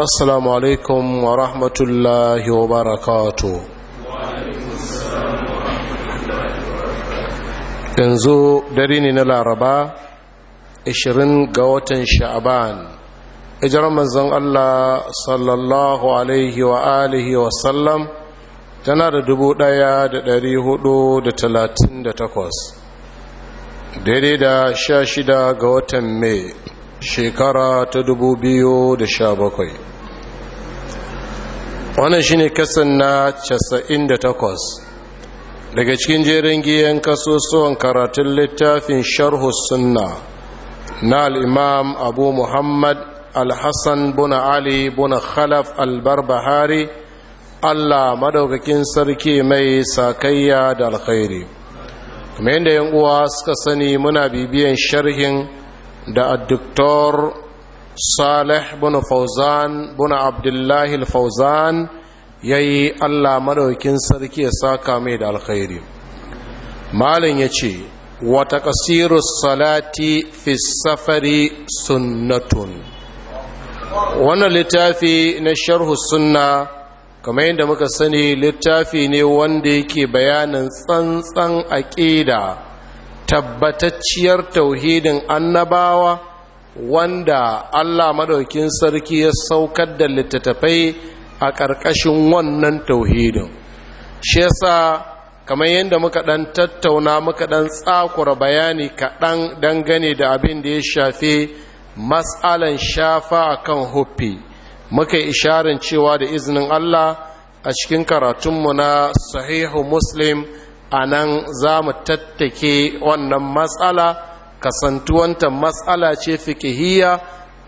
السلام عليكم ورحمة الله وبركاته yanzu dare ne na laraba 20 ga watan sha'aban ijar manzon Allah sallallahu alaihi wa alihi wa sallam tana da 1438 daidai da 16 ga watan mai shekara ta 2017 wannan shine kasan na casa'in da 98 daga cikin jerin giyan kasusuwan karatun littafin sharhu sunna na al'imam abu muhammad al-hassan buna ali buna khalaf al-barbahari allah madaukakin sarki mai sakayya da alkhairi kuma yadda yan uwa suka sani muna bibiyan sharhin da addiktor salih bin fauzan bin abdullahi fauzan ya yi allah madaukin sarki ya saka mai da alkhairi malin ya ce wata ƙasiru salati fi safari sunnatun wannan littafi na sharhu sunna kamar yadda muka sani littafi ne wanda yake bayanin tsantsan aƙida tabbatacciyar tauhidin annabawa wanda allah madaukin sarki ya saukar da littattafai a ƙarƙashin wannan tauhidin shi yasa kamar yadda muka ɗan tattauna muka ɗan tsakura bayani kaɗan dangane da abin da ya shafe matsalan shafa a kan huffi muka yi isharin cewa da izinin allah a cikin karatunmu na sahihu muslim a nan za mu tattake wannan matsala kasantuwanta matsala ce fikihiyya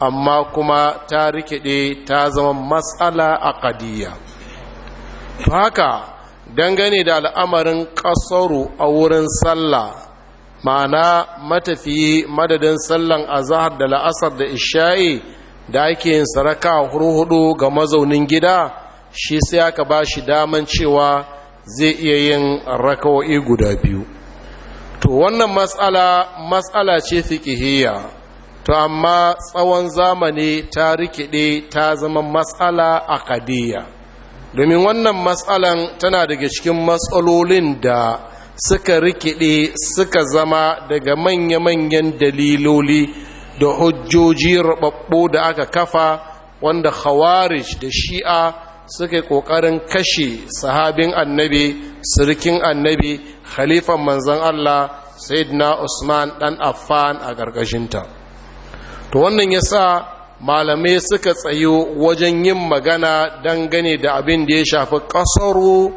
amma kuma ta rikide ta zama matsala a ƙadiyya haka dangane da al'amarin ƙasaru a wurin sallah ma'ana matafiyi madadin sallan azahar da la'asar da isha'i da ake yin saraka hurhudu ga mazaunin gida shi sai aka ba shi daman cewa zai iya yin rakawa'i guda biyu to wannan matsala matsala ce fiqhiyya to amma tsawon zamani ta rikide ta zama matsala a akadiyya domin wannan matsalan tana daga cikin matsalolin da suka rikide suka zama daga manya-manyan daliloli da hujjoji rababbo da aka kafa wanda khawarij da shi'a suka yi ƙoƙarin kashe sahabin annabi sirkin annabi khalifan manzan Allah sayyidina Usman dan Affan a gargashinta to wannan ya sa malamai suka tsayo wajen yin magana dangane da abin da ya shafi ƙasaru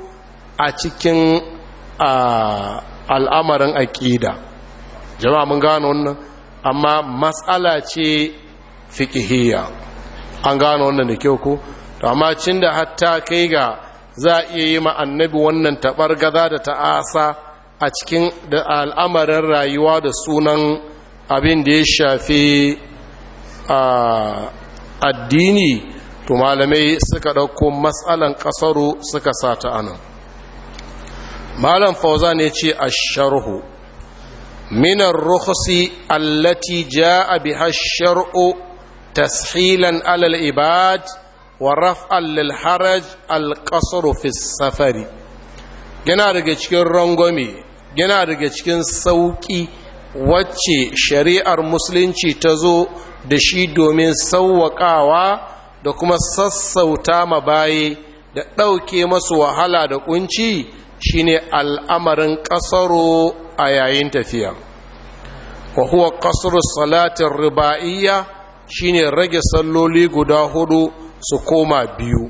a cikin al'amarin aƙida jama'a mun gano wannan amma matsala ce fikihiyya. an gano wannan da kyau ko to amma cin da hatta kai ga za a iya yi ma annabi wannan tabar gaza da ta'asa a cikin da al'amarin rayuwa da sunan abin da ya shafi a addini to malamai suka ɗauko matsalan ƙasaru suka sa ta anan malam fauza ne ce a sharhu minar rukusi allati a biha shar'u tashilan alal ibad wa للحرج القصر haraj al qasru yana daga cikin rangwame yana daga cikin sauki wacce shari'ar musulunci ta zo da shi domin sauwaƙawa da kuma sassauta ma baye da ɗauke masu wahala da ƙunci shine al'amarin ƙasaro a yayin tafiya wa huwa ƙasar salatin riba'iyya shine rage salloli guda hudu su koma biyu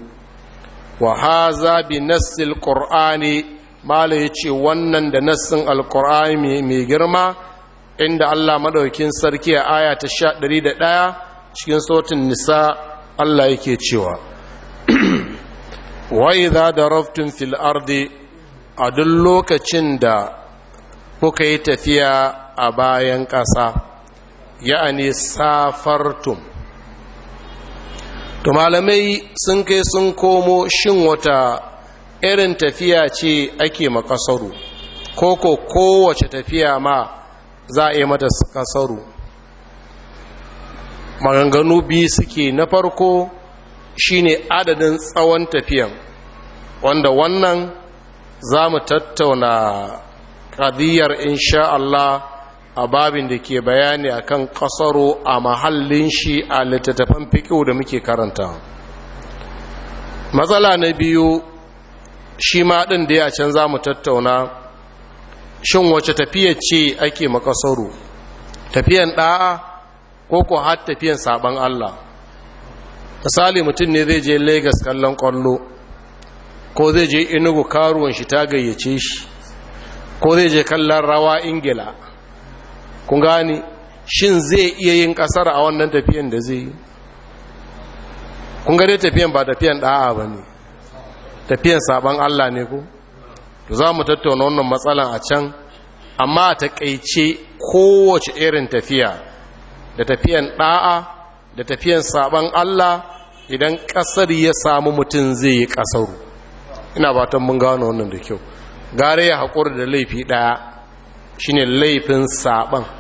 wa haza bi nassil qur'ani mala yace wannan da nassin alqur'ani mai girma inda Allah madaukin sarki a aya ta ɗaya cikin sautin nisa Allah yake cewa wa idza daraftum fil ardi a duk lokacin da kuka yi tafiya a bayan ƙasa ya'ani safartum to malamai sun kai sun komo shin wata irin tafiya ce ake makasaru ko ko kowace tafiya ma za a yi mata kasaru maganganu biyu suke na farko shine adadin tsawon tafiyan wanda wannan za mu tattauna kadiyar insha Allah a babin da ke bayani akan kasaro a mahallin shi a littattafan fikiyo da muke karanta matsala na biyu shi ma ɗin da ya can za mu tattauna shin wace tafiya ce ake makasaro tafiyan ɗa'a ko ko har tafiyan saban Allah misali mutum ne zai je Legas kallon kwallo ko zai je Enugu karuwan shi ta gayyace shi ko zai je kallon rawa Ingila kun gani shin zai iya yin kasar a wannan tafiyan da zai yi kun gani tafiyan ba tafiyan da'a ba ne tafiyan sabon allah ne ku za mu tattauna wannan matsalan a can amma a taƙaice kowace irin tafiya da tafiyan da'a da tafiyan sabon allah idan ƙasar ya samu mutum zai yi kasaru ina batan mun gano wannan da kyau gare ya haƙuri da laifi ɗaya shine laifin saɓan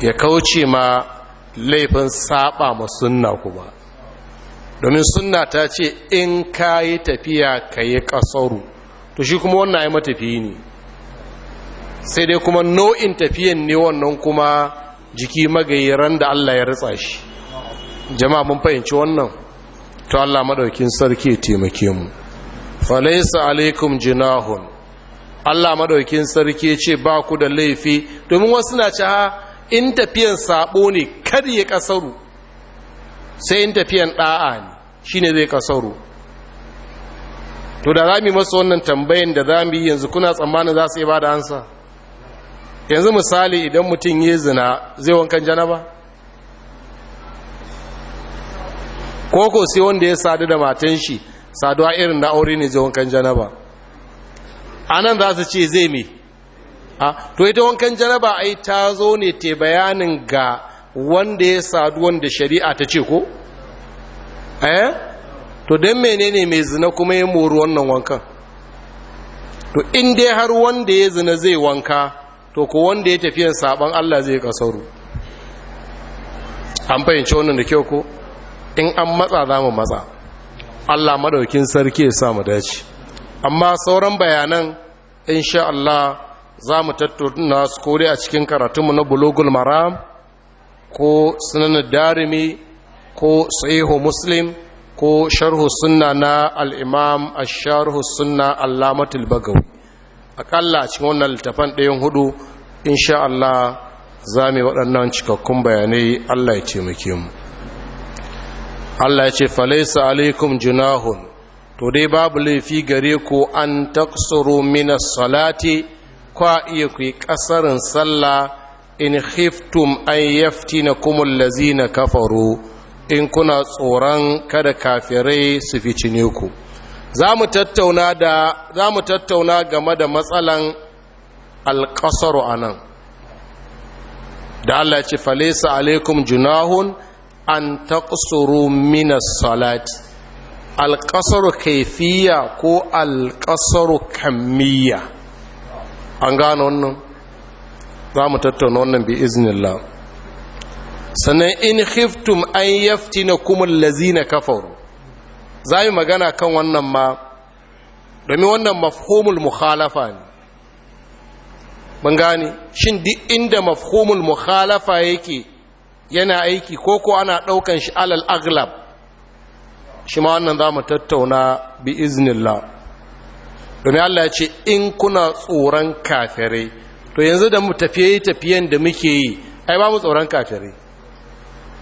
ya kauce ma laifin saba ma sunna kuma domin sunna ta ce in ka yi tafiya ka yi kasaru to shi kuma wannan ya matafi ne sai dai kuma nau'in tafiyan ne wannan kuma jiki magayiran da Allah ya ritsa shi jama'a mun fahimci wannan to Allah madaukin sarki ya taimake mu falaisa alaikum jinahun Allah madaukin sarki ce ba ku da laifi domin wasu na ci ha in tafiyan sabo ne kar ya kasaru sai in tafiyan da'a ne shine zai kasaru to da zamu masa wannan tambayan da zamu yi yanzu kuna tsammanin za su yi bada ansa yanzu misali idan mutum ya zina zai wankan janaba ko ko sai wanda ya sadu da matan shi saduwa irin na aure ne zai wankan janaba anan za su ce zai me a to ita wankan janaba ai ta zo ne te bayanin ga wanda ya sadu wanda shari'a ta ce ko eh to don menene mai zina kuma ya mori wannan wankan to in dai har wanda ya zina zai wanka to ko wanda ya tafiyan saban Allah zai kasaru an fahimci wannan da kyau ko in an matsa za mu matsa Allah madaukin sarki ya sa mu dace amma sauran bayanan insha Allah za mu tattauna su kore a cikin karatunmu na bulogul maram ko sunan darimi ko Sa'ihu muslim ko sharhu sunna na al'imam a sharhu sunna allamatul bagawi akalla a cikin wannan littafan ɗayan hudu insha Allah za mu yi waɗannan cikakkun bayanai Allah ya ce muke mu Allah ya ce falaisa alaikum junahun to dai babu laifi gare ku an taksuru minas salati kwa iya kuyi yi ƙasarin sallah in khiftum an yafti na kumul lazina kafaru in kuna tsoron kada kafirai su fi ku za mu tattauna game da matsalan alƙasaru a nan da Allah ce falisa alaikum junahun an taqsuru minas salati alƙasaru kaifiya ko alƙasaru kammiya an gane wannan za mu tattauna wannan bi iznillah sannan in khiftum an yaftina kumul lazina kafaru za yi magana kan wannan ma domin wannan mafhumul mukhalafa ne ban gane shin duk inda mafhumul mukhalafa yake yana aiki ko ko ana daukan shi alal aglab shi ma wannan za mu tattauna bi iznillah domin Allah ya ce in kuna tsoron kafirai to yanzu da mu tafiye tafiyen da muke yi ai ba mu tsoron kafirai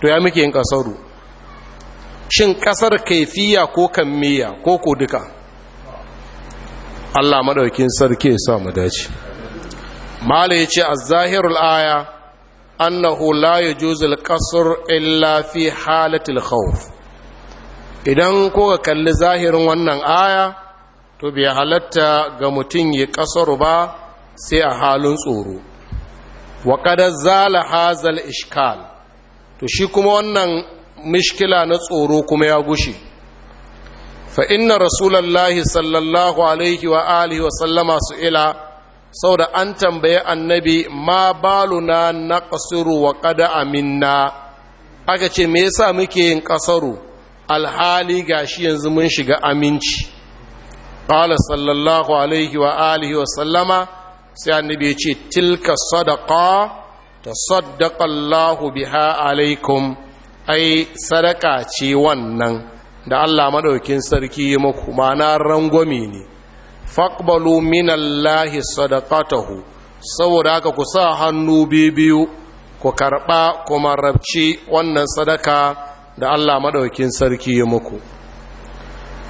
to ya muke yin kasaru shin kasar kaifiya ko kammiya ko ko duka Allah madaukin sarki ya sa mu dace mala yace az-zahirul aya annahu la yujuzul qasr illa fi halatil khawf idan ko ka kalli zahirin wannan aya to bai halatta ga mutum ya kasaru ba sai a halin tsoro wa kada zala hazal ishkal to shi kuma wannan mishkila na tsoro kuma ya gushe fa inna rasulallah sallallahu alaihi wa alihi wa sallama su ila sau da an tambaye annabi ma baluna na kasuru wa kada aminna aka ce me yasa muke yin kasaru alhali gashi yanzu mun shiga aminci ƙala sallallahu alaihi wa alihi wa sallama sai annabi ce tilka sadaka ta allahu biha alaikum ai sadaka ce wannan da allah madaukin sarki ya muku mana rangwami ne faƙbalu minallahi sadaqatahu saboda haka ku sa hannu biyu ku karɓa kuma rabci wannan sadaka da Allah maɗaukin sarki ya muku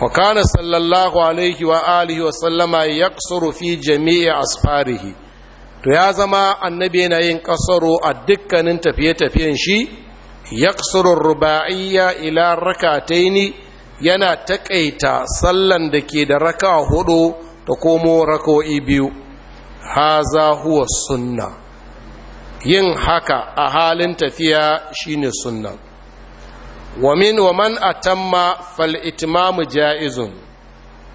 wa kana sallallahu alaihi wa wa sallama yaqsuru fi jami'i asfarihi to ya zama annabi yana yin kasaro a dukkanin tafiye-tafiyen shi yaqsuru ruba'iyya ila rakataini yana taƙaita sallan da ke da raka hudu da komo rako'i biyu haza huwa sunna yin haka a halin tafiya shine sunna wa min wa man atamma fal itmamu jaizun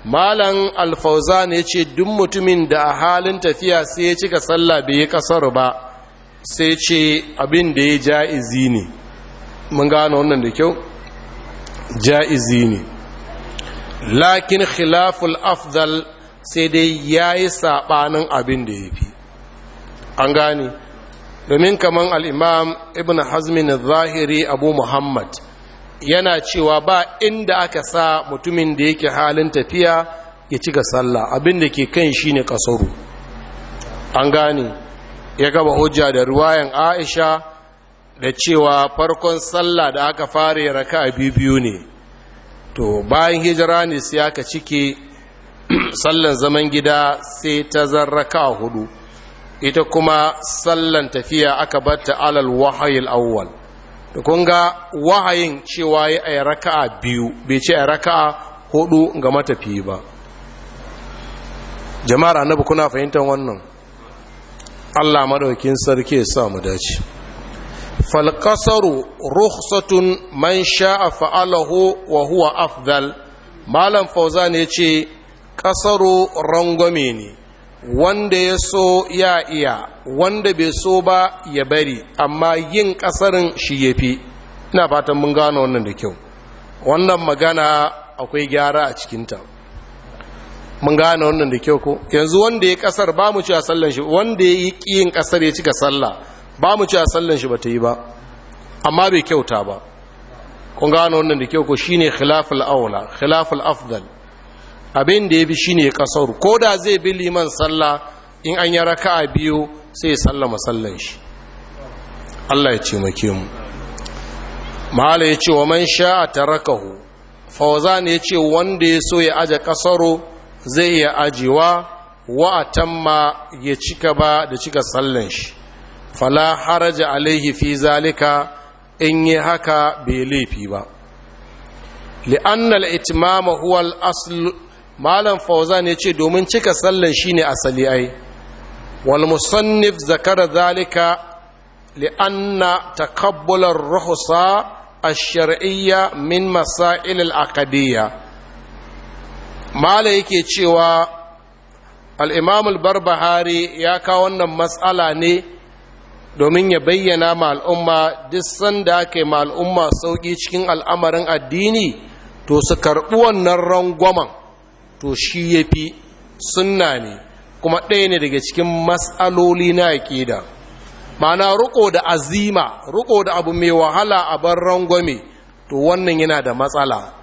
malan alfauzan yace duk mutumin da a halin tafiya sai ya cika sallah bai yi kasar ba sai ce abin da ya jaizi ne mun gano wannan da kyau jaizi ne lakin khilaful Afzal sai dai yayi sabanin abin da yafi an gane domin kaman al-imam ibn hazmin zahiri abu muhammad yana cewa ba inda aka sa mutumin da yake halin tafiya ya ci ga sallah abinda ke kan shi ne kasaru an gane ya gaba hujja da ruwayan aisha da cewa farkon sallah da aka fara ya raka a biyu ne to bayan hijira ne sai aka cike sallan zaman gida sai ta zarraka hudu ita kuma sallan tafiya aka batta alal wahayil awwal da kunga wahayin cewa ya a raka'a biyu bai ce a raka'a hudu ga matafi ba jama'ar annabi kuna fahimtar wannan allah maɗaukin sarki ya sa mu dace falƙasaru rukhsatun man sha'a fa'alahu wa huwa afdal malam fauzan yace ce ƙasaru rangwame ne wanda ya so ya iya wanda bai so ba ya bari amma yin kasarin shi ya fi ina fatan mun gano wannan da kyau wannan magana akwai gyara a cikinta mun gano wannan da kyau ko yanzu wanda ya kasar ba mu ci a sallan shi wanda ya yi ƙiyin kasar ya cika sallah ba mu ci a sallan shi ba ta yi ba amma bai kyauta ba kun gano wannan da kyau ko shine khilaful aula khilaful afdal abin da ya bi shine kasar ko da zai bi liman sallah in an yi raka'a biyu sai ya sallama sallan shi Allah ya taimake mu mahala ya ce wa man sha tarakahu ne ya ce wanda ya so ya aje kasar zai iya ajiwa wa atamma ya cika ba da cika sallan shi fala haraja alaihi fi zalika in yi haka bai laifi ba li'annal itimama itmama huwa malam fauzan ya ce domin cika sallan shine asali ai wal musannif zakara zalika li'anna takabbular ruhusa a shariyya min masail al-aqdiyya mala yake cewa al-imam al-barbahari ya kawo wannan matsala ne domin ya bayyana ma al'umma duk sanda ake ma al'umma sauki cikin al'amarin addini to su karɓi wannan rangwamen to shi ya fi sunna ne kuma ɗaya ne daga cikin matsaloli na aƙida ma'ana ruko da azima ruko da abu mai wahala a bar rangwame to wannan yana da matsala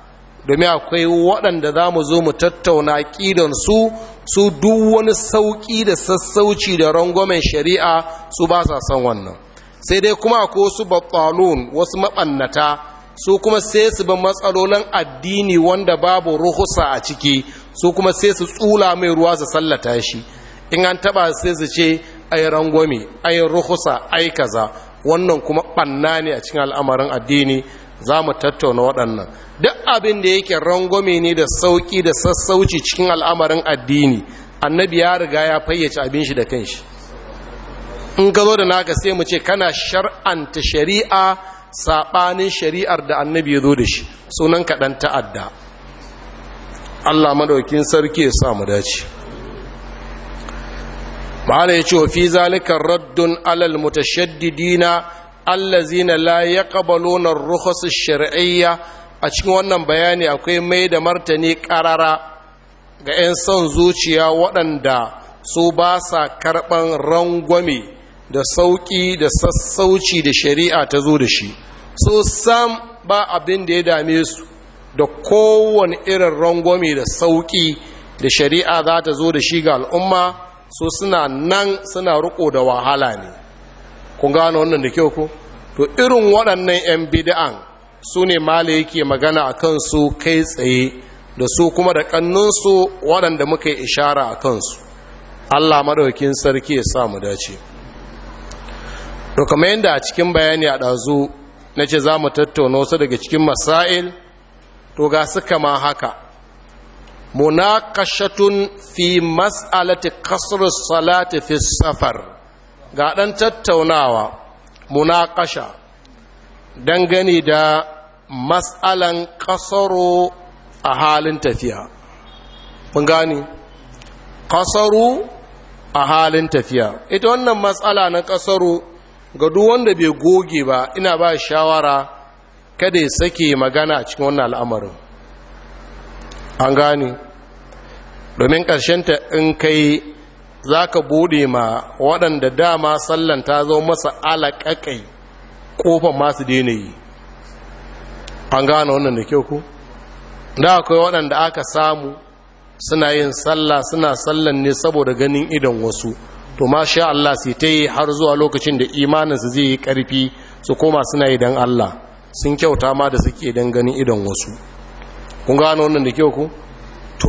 domin akwai waɗanda za mu zo mu tattauna ƙidansu su su duk wani sauƙi da sassauci da rangwamen shari'a su ba sa son wannan sai dai kuma ko su batsalon wasu maɓannata su kuma sai su ba matsalolin addini wanda babu ruhusa a ciki su kuma sai su tsula mai ruwa su sallata shi in an taba sai su ce ai rangwame ai ruhusa ai kaza wannan kuma banna ne a cikin al'amarin addini za mu tattauna waɗannan duk abin da yake rangwame ne da sauƙi da sassauci cikin al'amarin addini annabi ya riga ya fayyace abin shi da kanshi in ka zo da naka sai mu ce kana shar'anta shari'a saɓanin shari'ar da annabi ya zo da shi sunan kaɗan ta'adda allah madaukin sarki ya sa mu dace ma'ana ya ce fi zalika raddun alal mutashaddidina allazina la yaqbaluna ar-rukhas ash-shar'iyya a cikin wannan bayani akwai mai da martani karara ga 'yan son zuciya waɗanda su ba sa karɓan rangwame da sauƙi da sassauci da shari'a ta zo da shi so sam ba abin da ya dame su da kowane irin rangwame da sauƙi da shari'a za ta zo da shi ga al'umma so suna nan suna riko da wahala ne kun gano wannan da kyau ko to irin waɗannan 'yan bid'an su ne mala yake magana a kansu kai tsaye da su kuma da kanninsu waɗanda muka yi ishara a kansu allah maɗaukin sarki ya sa mu dace to kamar yadda a cikin bayani a ɗazu na ce za mu tattauna wasu daga cikin masail to ga su kama haka munakashatun fi mas'alati kasar salati fi safar ga ɗan tattaunawa munakasha dangane da mas'alan kasaro a halin tafiya mun gani kasaru a halin tafiya ita wannan matsala na kasaru ga duk wanda bai goge ba ina ba shawara kada ya sake magana a cikin wannan al'amarin an gane domin ta in kai za ka bude ma waɗanda dama sallan ta zo masa alaƙaƙai ƙofan masu daina yi an gane wannan da kyau ku da akwai waɗanda aka samu suna yin salla suna sallan ne saboda ganin idan wasu to ma sha Allah sai ta yi har zuwa lokacin da imaninsu zai yi ƙarfi su koma suna yi don Allah sun kyauta ma da suke don ganin idon wasu kun gano wannan da kyau ku to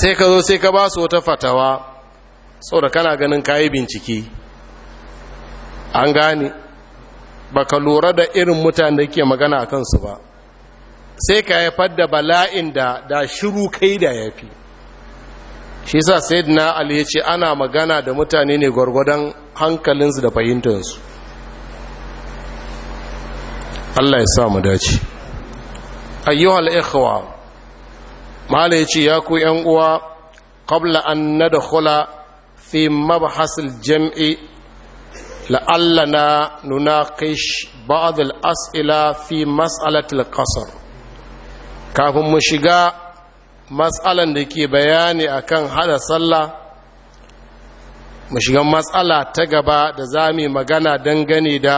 sai ka zo sai ka ba su wata fatawa sau da kana ganin kayi bincike an gane ka lura da irin mutane da ke magana a kansu ba sai ka haifar da bala'in da da shiru kai da ya fi shi sa na ali ya ce ana magana da mutane ne gwargwadon hankalinsu da fahimtansu. Allah ya sa mu dace ayyuhal ikhwa mala ya ce ya ku yan uwa qabla an nadkhula fi mabhas al-jam'i la'allana nunaqish ba'd al-as'ila fi mas'alati al-qasr kafin mu shiga matsalan da ke bayani a kan hada sallah mu shiga matsala ta gaba da za mu magana dangane da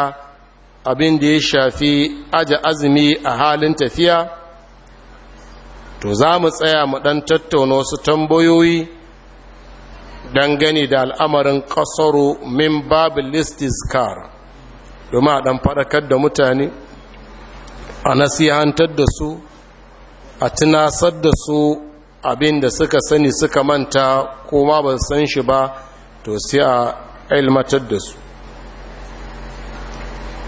abin da ya shafi aji azumi a halin tafiya to za mu tsaya mu dan tattauna wasu tambayoyi dangane da al'amarin ƙasaro min babin kar domin a dan faɗakar da mutane a nasihantar da su a tunasar da su abin da suka sani suka manta ko ma ban san shi ba to sai a ilmatar da su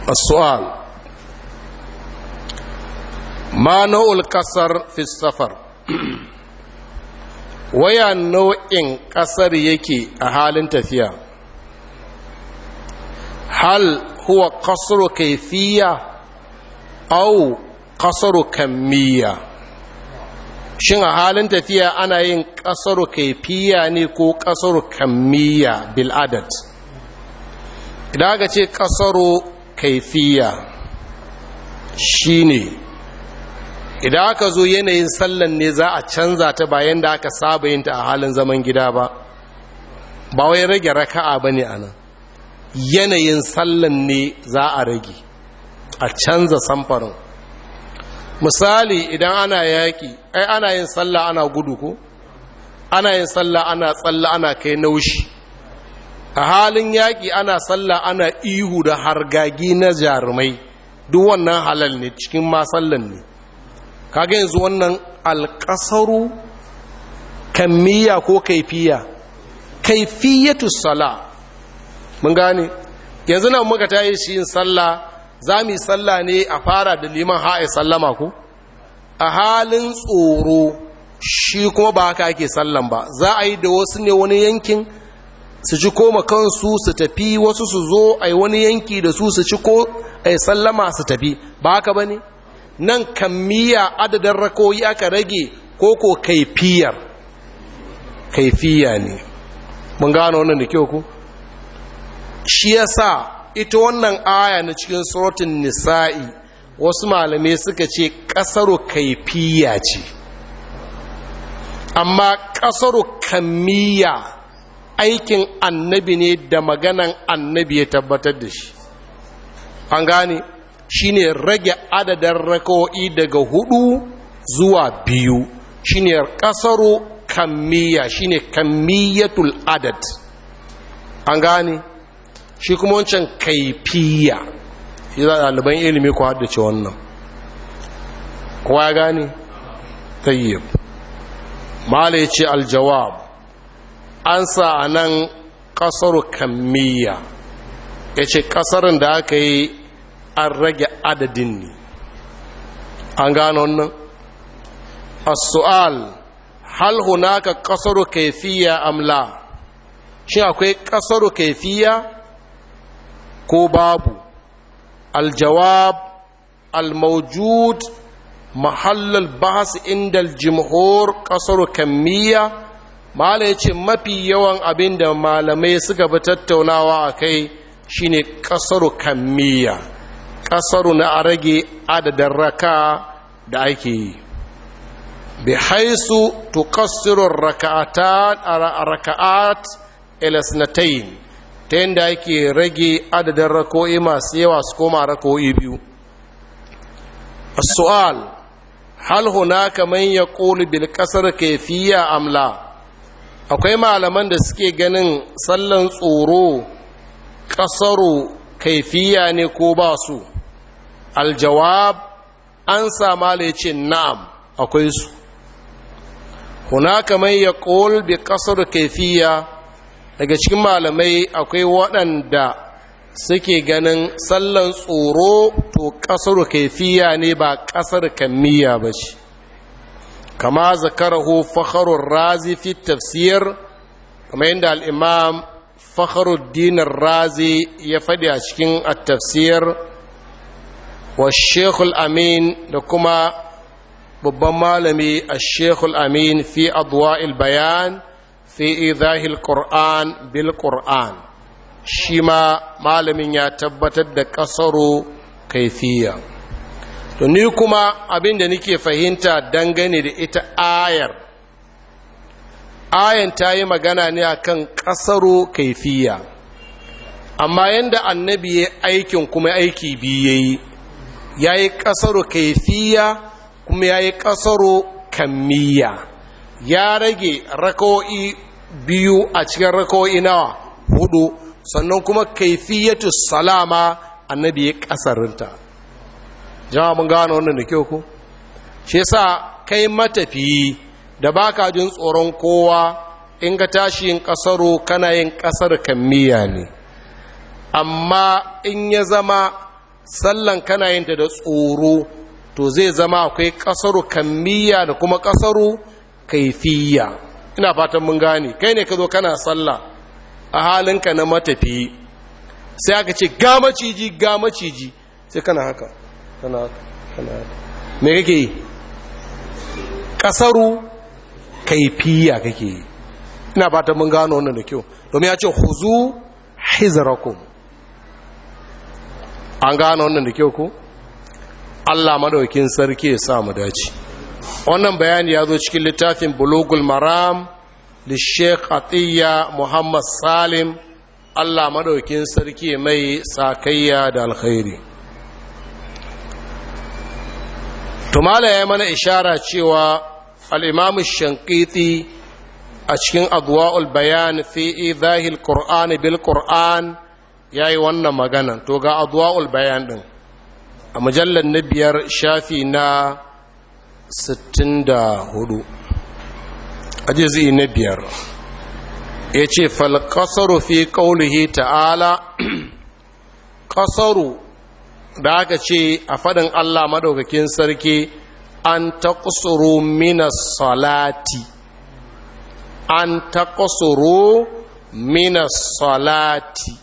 a su'al manu'ul kasar safar, waya nau'in kasar yake a halin tafiya hal huwa kasaru kaifiya au kasaru kammiya shin a halin tafiya ana yin ƙasar kaifiya ne ko ƙasar kammiya bil'adad idan aka ce ƙasar kaifiya shi ne, idan aka zo yanayin sallan ne za a canza ta bayan da aka saba yinta a halin zaman gida ba ba wai rage raka'a ba ne a yanayin sallan ne za a rage a canza samfarin misali idan ana yaƙi ai ana yin sallah ana gudu ko ana yin sallah ana tsalla ana kai naushi a halin yaƙi ana sallah ana ihu da hargagi na jarumai duk wannan halal ne cikin ma sallan ne kaga yanzu wannan alƙasaru kammiya ko kaifiya kaifiyatu sala mun gane yanzu nan muka tayi shi yin sallah za mu yi sallah ne a fara da liman ha'i sallama ku? a halin tsoro shi kuma ba haka ake sallan ba za a yi da wasu ne wani yankin su ci koma kansu su tafi wasu su zo a wani yanki da su su ci ko a sallama su tafi ba haka ba ne nan kammiya adadin rakoyi aka rage ko ko kaifiyar kaifiya ne mun gano wannan da kyau ku shi ya sa. ita wannan aya na cikin suratun nisa'i wasu malamai suka ce ƙasaro kaifiya ce amma ƙasaro kammiya aikin annabi ne da maganan annabi ya tabbatar da shi an gane shine rage adadin rako'i daga hudu zuwa biyu shine kasaro kammiya shine kammiyatul adad an gane shi kuma wancan kaifiya shi za ɗaliban ilimi ku haddace wannan Kuwa ya gane tayyib mala ya ce aljawab an sa a nan ƙasar kammiya ya ce ƙasarin da aka yi an rage adadin ne an gano wannan A sual hal hunaka qasaru kaifiya am shi akwai ƙasar kaifiya? ko babu aljawab almaujud mahallal bahas inda aljimhur kasar kammiya mala ya ce mafi yawan abin da malamai suka bi tattaunawa a kai shine kasar kammiya kasar na a rage adadin raka da ake yi bi haisu tukassirun raka'at ila ta yadda ake rage adadin rako'i masu yawa su koma rako'i biyu su'al hal hunaka ya ƙoli bil ƙasar kayfiyya amla akwai malaman da suke ganin sallan tsoro ƙasaru kaifiya ne ko ba su aljawab an sama na'am akwai su hunaka man ƙasar bi ƙasar kayfiyya daga cikin malamai akwai waɗanda suke ganin sallan tsoro to ƙasar kaifiya ne ba ƙasar kammiya ba ce kama zakarahu fakharun razi fi tafsir kamar yadda al'imam Dinar razi ya faɗi a cikin tafsir wa shekul amin da kuma babban malami a shekul amin fi adwa bayan fi izahil qur'an bil qur'an shi ma malamin ya tabbatar da kasaro kaifiya to ni kuma abin da nike fahimta dangane da ita ayar ayan ta yi magana ne akan kasaro kaifiya amma yadda annabi ya aikin kuma aiki biyu yayi ya yi kasaro kaifiya kuma ya yi kasaro kammiya ya rage rako'i biyu a cikin raka'o'i nawa hudu sannan kuma kaifiyatu salama annabi ya kasarinta jama'a mun gano wannan da kyau ko shi yasa kai matafiyi da baka jin tsoron kowa in ga tashi yin kasaro kana yin kasar kammiya ne amma in ya zama sallan kana yin ta da tsoro to zai zama akwai kasaru kammiya da kuma kasaru kaifiyya ina fatan mun gane kai ne ka zo kana sallah a halinka na matafi sai aka ce ga maciji ga maciji sai kana haka kana haka kana haka me kake yi kasaru kaifiya kake yi ina fatan mun gano wannan da kyau domin ya ce huzu hizrakum an gano wannan da kyau ko Allah madaukin sarki ya sa mu dace wannan bayani ya zo cikin littafin bulugul maram da sheikh atiyya muhammad salim allah maɗaukin sarki mai sakayya da alkhairi tumala ya mana ishara cewa al'imamu shankiti a cikin adwa'ul bayan fi zahil qur'an bil qur'an ya yi wannan magana to ga adwa'ul bayan ɗin a mujallar na biyar shafi na 64 ajizi na biyar ya ce falkasaru fi ƙaunihi ta'ala ƙasaru da aka ce a faɗin allah maɗaukakin sarki an ta ƙusuru mina salati an ta ƙusuru mina salati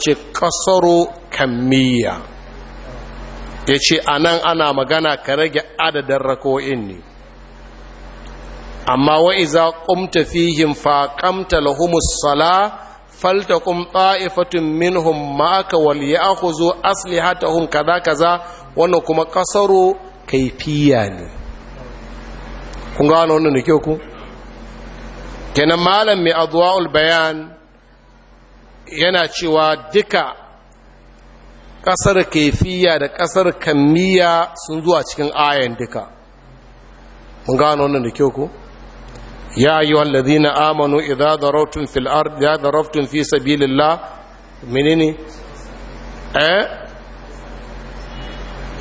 ce ƙasaru kammiya ya ce a nan ana magana ka rage adadin rako'in ne amma wa'iza ƙumta fihim faƙamta lahumus sala faltakum ɗa'ifatun minhum ma'aka wal hata hun kaza kaza wannan kuma kai kaifiya ne kun ga wannan da kyau ku kenan malam mai adwaul bayan yana cewa duka ƙasar kefiya da ƙasar kammiya sun zuwa cikin ayan duka mun gano wannan da kyau ko ya yi wallazina amanu idza darabtum fil ard ya darabtum fi sabilillah menene eh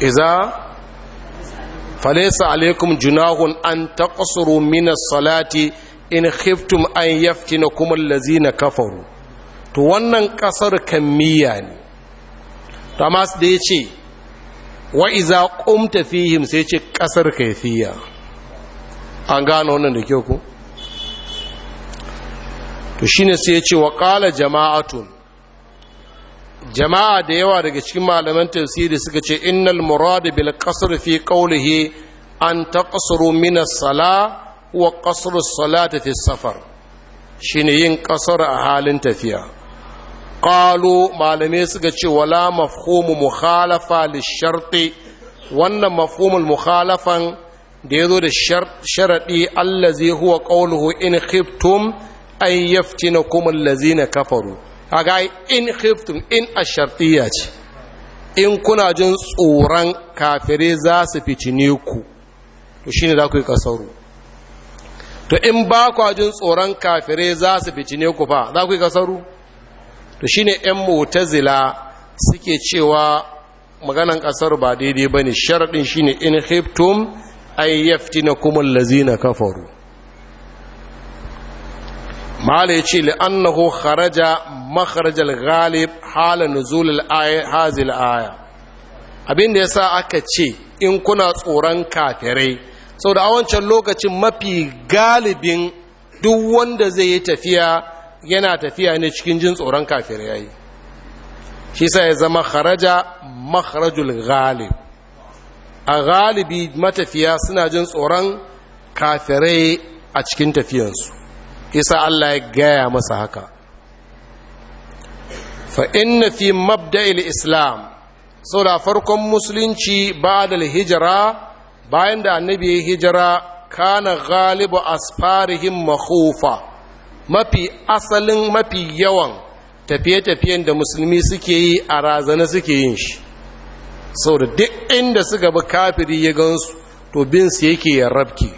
Iza? Falesa alaykum junahun an taqsuru min as-salati in khiftum an yaftinakum allazina kafaru to wannan kasar kammiya ne thomas da ya ce wa iza qumta fihim sai ce kasar kaifiya an gano wannan da kyau ku. to shine sai ya ce wa jama'atun jama'a da yawa daga cikin malaman tafsiri suka ce innal murad bil ƙasar fi qawlihi an ta min as-sala wa ƙasar salata fi safar shine yin ƙasar a halin tafiya qalu malamai suka ce wala mafhumu mukhalafa lisharti wannan mafhumul mukhalafan da yazo da sharadi allazi huwa qawluhu in khiftum an yaftinakum allazina kafaru kaga in khiftum in ashartiya ce in kuna jin tsoron kafire za su fitine ku to shine za ku yi kasaru to in ba ku jin tsoron kafire za su fitine ku fa za ku yi kasaru to shine yan mu'tazila suke cewa maganan ƙasar ba daidai ba ne, sharaɗin shi shine in khiftum ay yaftinakum allazina kafaru mala yace li annahu kharaja makharaj galib ghalib hala na aya hazil aya abinda sa aka ce in kuna tsoron kafirai sau a wancan lokacin mafi galibin duk wanda zai yi tafiya yana tafiya ne cikin jin tsoron kafir yayi shi sa ya zama kharaja makharajul ghalib a galibi matafiya suna jin tsoron kafirai a cikin tafiyansu isa Allah ya gaya masa haka fa inna fi mabda'il islam saboda farkon musulunci ba'da hijira bayan da annabi ya hijira kana ghalibu asfarihim makhufa mafi asalin mafi yawan tafiye-tafiyen da musulmi suke yi a razana suke yin shi sau da duk inda suka bi kafiri ya gansu to binsu yake yarrabki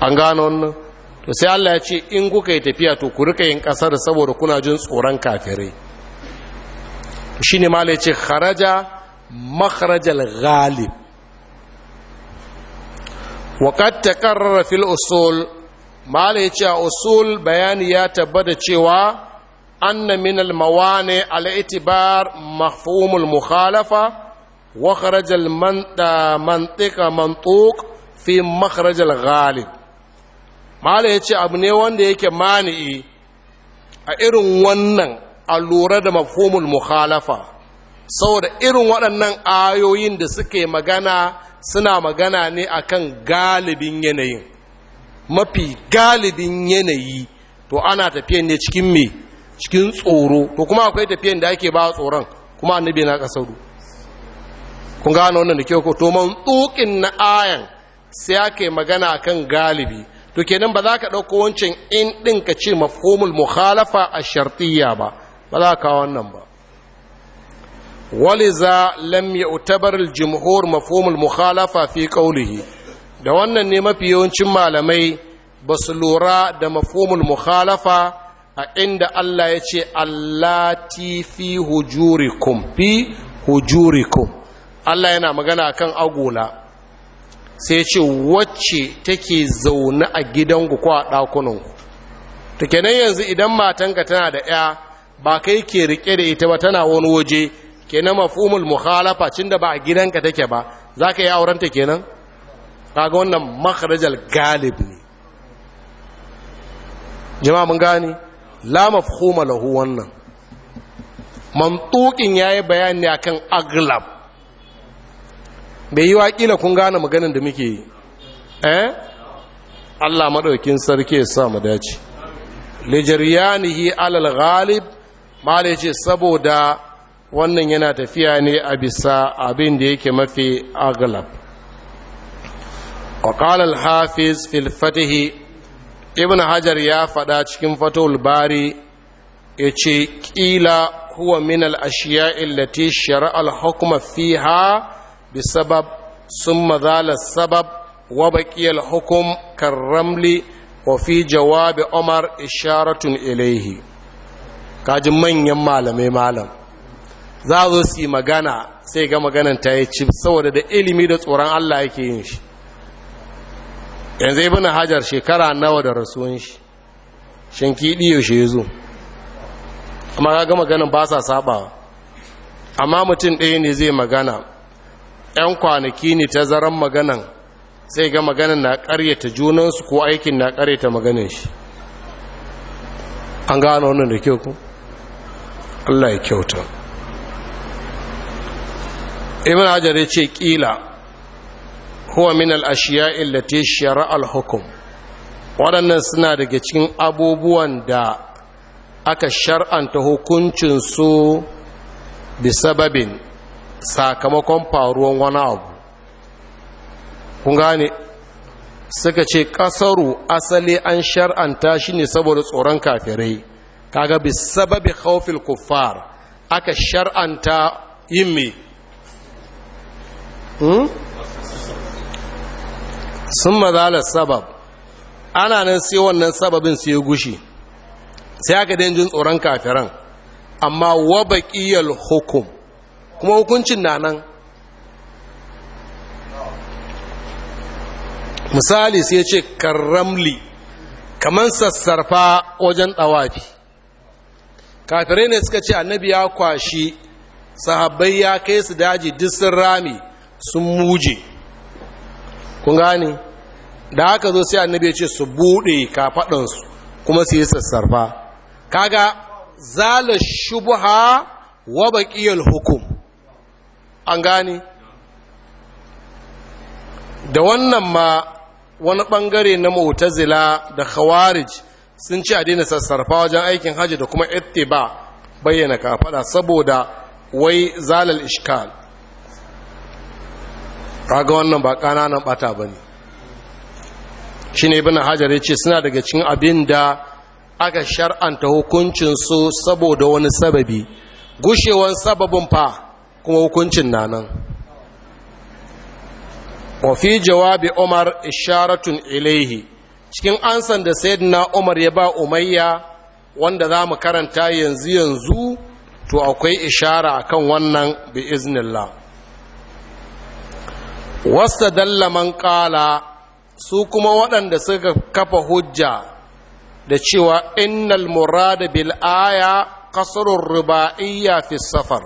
an gano wannan to sai Allah ya ce in kuka yi tafiya to ku rika yin kasar saboda kuna jin tsoron kafirai to shine malai ce kharaja makharajal ghalib وقد تقرر fil usul mala ya ce a usul bayani ya tabbata cewa anna min almawani al'itibar mafhumul mukhalafa wa kharajal mantika mantuk fi makharajal ghalib mala ya ce abu ne wanda yake mani'i a irin wannan a lura da mafhumul mukhalafa saboda irin waɗannan ayoyin da suke magana suna magana ne akan galibin yanayin mafi galibin yanayi to ana tafiyan ne cikin me cikin tsoro to kuma akwai tafiyan da ake ba tsoron kuma annabi na kasaru kun gano wannan da kyau ko to man tsukin na ayan sai ake magana kan galibi to kenan ba za ka ɗauko wancan in ɗin ka ce mafhumul mukhalafa a shartiyya ba ba za ka wannan ba waliza lam utabar al-jumhur mafhumul mukhalafa fi qawlihi da wannan ne mafi yawancin malamai ba su lura da mafhumul mukhalafa a inda Allah ya ce allati fi hujurikum fi hujurikum Allah yana magana kan agola sai ce wacce take zaune a gidanku ko a ɗakuninku? ta kenan yanzu idan matanka tana da ya ba kai ke rike da ita ba tana wani waje kenan mafumul mukhalafa cinda ba a gidanka take ba za ka yi aurenta kenan kaga wannan makharajal galib ne jama'a mun gane la mafhuma lahu wannan mantukin yayi bayani akan aglab bai yi waƙila kun gane maganin da muke yi eh Allah madaukin sarki ya sa mu dace yi alal ghalib mala yace saboda wannan yana tafiya ne a bisa abin da yake mafi aglab wa hafiz fil fatih ibn hajar ya faɗa cikin fatul bari yace qila huwa min al-ashiya'i allati shara'a al-hukma fiha bisabab thumma dhala sabab wa baqiya al-hukm karramli wa fi jawabi umar isharatun ilayhi kajin manyan malamai malam za zo su magana sai ga maganan ta yi ci saboda da ilimi da tsoron Allah yake yin shi yanzu ibn hajar shekara nawa da rasuwan shi shin kidi yaushe ya zo amma ka ga maganin ba sa saba amma mutum ɗaya ne zai magana ɗan kwanaki ne ta zaren maganan sai ga maganan na ƙaryata junansu ko aikin na ƙaryata maganin shi an gano wannan da kyau ku Allah ya kyauta ibn hajar ya ce ƙila huwa min al-ashiya'i allati al-hukm waɗannan suna daga cikin abubuwan da aka shar'anta hukuncin su bi sababin sakamakon faruwan wani abu kun gane suka ce ƙasaru asali an shar'anta shi ne saboda tsoron kafirai kaga bi sababi khawfil kuffar aka shar'anta yin me hmm? sun mazalar sabab ana nan sai wannan sababin sai ya gushi sai aka dai jin tsoron kafiran amma wa hukum kuma hukuncin na nan misali sai ce karamli kamar sassarfa wajen ɗawafi kafirai ne suka ce annabi ya kwashi sahabbai ya kai su daji disin rami sun muje kun gane da haka zo sai annabi ya ce su buɗe su kuma su yi sassarfa kaga zala shubuha wa baqiyal hukum an gane da wannan ma wani ɓangare na mutazila da khawarij sun ci a daina sassarfa wajen aikin hajji da kuma ittiba bayyana kafaɗa saboda wai zalal ishkal kaga wannan ba ƙananan bata ba ne shi ne bin hajar ya ce suna daga cikin abin da aka shar'anta hukuncinsu saboda wani sababi gushewan sababin fa kuma hukuncin na nan wafi jawabi umar isharatun ilaihi cikin ansan da sayyidina umar ya ba umayya wanda za mu karanta yanzu yanzu to akwai ishara akan wannan bi iznillah wasta dallaman ƙala su kuma waɗanda suka kafa hujja da cewa innal murada bil aya kasarun ruba'iyya fi safar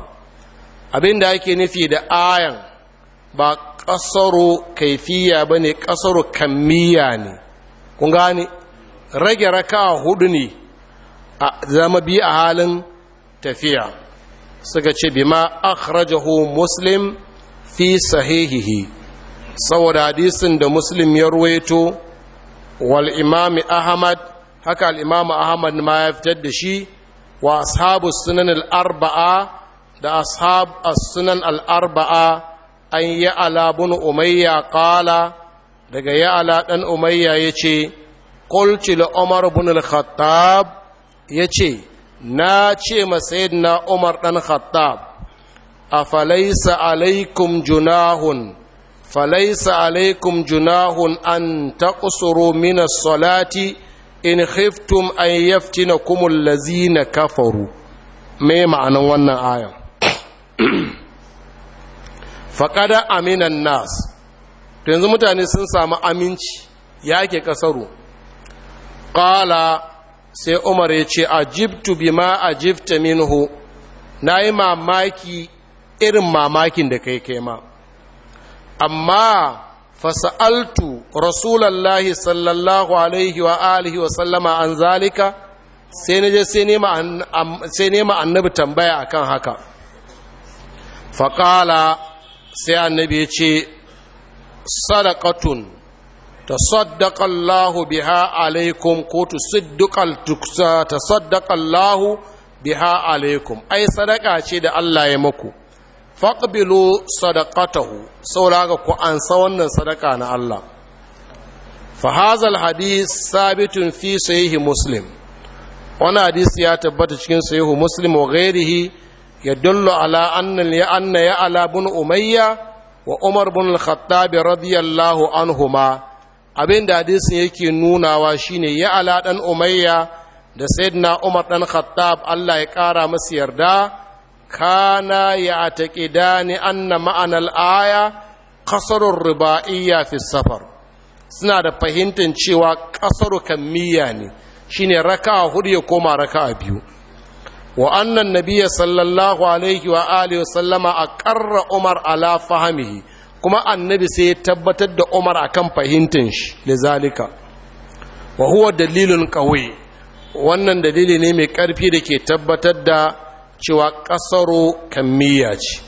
abinda ake nufi da ayan ba kasaru kaifiya ba ne kasaru kammiya ne kun gani rage raka hudu ne a zama bi a halin tafiya suka ce bima akhrajahu muslim fi sahihihi saboda hadisin da muslim ya ruwaito wal imami ahmad haka al imamu ahmad ma ya fitar da shi wa ashabu sunan al arba'a da ashab as sunan al arba'a an yi ala bin umayya qala daga ya ala dan umayya yace qulti li umar bin al khattab yace na ce ma sayyidina umar dan khattab afalaisa alaikum junahun falaisa alaikum junahun an taqsuru min as in khiftum an yaftinakum allazina kafaru me wannan ayan faqada aminan nas to yanzu mutane sun samu aminci yake kasaru qala sai umar ya ce ajibtu bima ajibta minhu na yi mamaki irin mamakin da kai kai ma amma fasa'altu Rasulallah sallallahu alaihi wa alihi wa sallama an zalika sai na sai nema annabi tambaya akan haka faƙala sai annabi ya ce sadakatun ta saddaƙallahu biha alaikum ko ta saddaƙallahu biha alaikum ai sadaka ce da Allah ya maku faqbilu sadaqatahu saboda ku ansa wannan sadaka na Allah fa hadha hadith sabitun fi sahih muslim wani hadisi ya tabbata cikin sahihu muslim wa ghairihi yadullu ala anna ya anna ya ala bin umayya wa umar bin al-khattab radiyallahu anhuma abinda hadisin yake nunawa shine ya ala dan umayya da sayyidina umar dan khattab Allah ya kara masa yarda kana ya taƙidani anna ma'anar aya ƙasarun ruba'iyya fi safar suna da fahimtar cewa ƙasaru kammiya ne shine raka hudu ya koma raka biyu wa annan nabiya sallallahu alaihi wa alihi wa sallama a ƙarra umar ala fahimihi kuma annabi sai ya tabbatar da umar akan fahimtar shi da zalika wa huwa dalilin ƙawai wannan dalili ne mai ƙarfi da ke tabbatar da cewa kasaro kammiya ce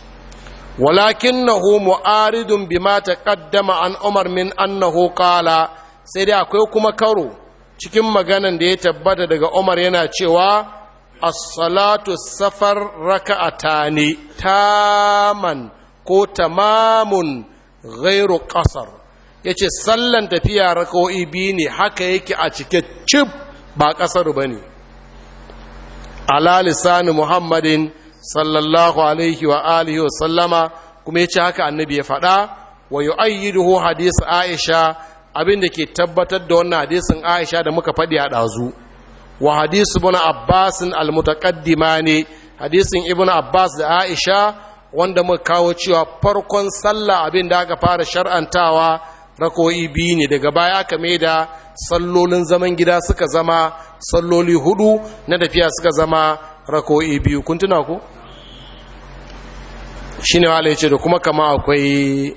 walakin na mu'aridun bima ta kaddama an umar min annahu kala sai dai akwai kuma karo cikin maganan da ya tabbata daga umar yana cewa as-salatu safar raka'ata ne taman ko tamamun ghairu qasar yace sallan tafiya raka'o'i biyu ne haka yake a cike cib ba kasar bane ala lisani muhammadin sallallahu alaihi wa alihi wa sallama kuma ya ce haka annabi ya faɗa wa yu'ayyiduhu hadis aisha abin da ke tabbatar da wannan hadisin aisha da muka faɗi a ɗazu wa hadisu ibn abbas al ne hadisin ibn abbas da aisha wanda muka kawo cewa farkon sallah abin da aka fara shar'antawa rako'i biyu ne daga baya aka da sallolin zaman gida suka zama salloli hudu na tafiya suka zama rako'i biyu kun tuna ku shi ne wale ce da kuma kama akwai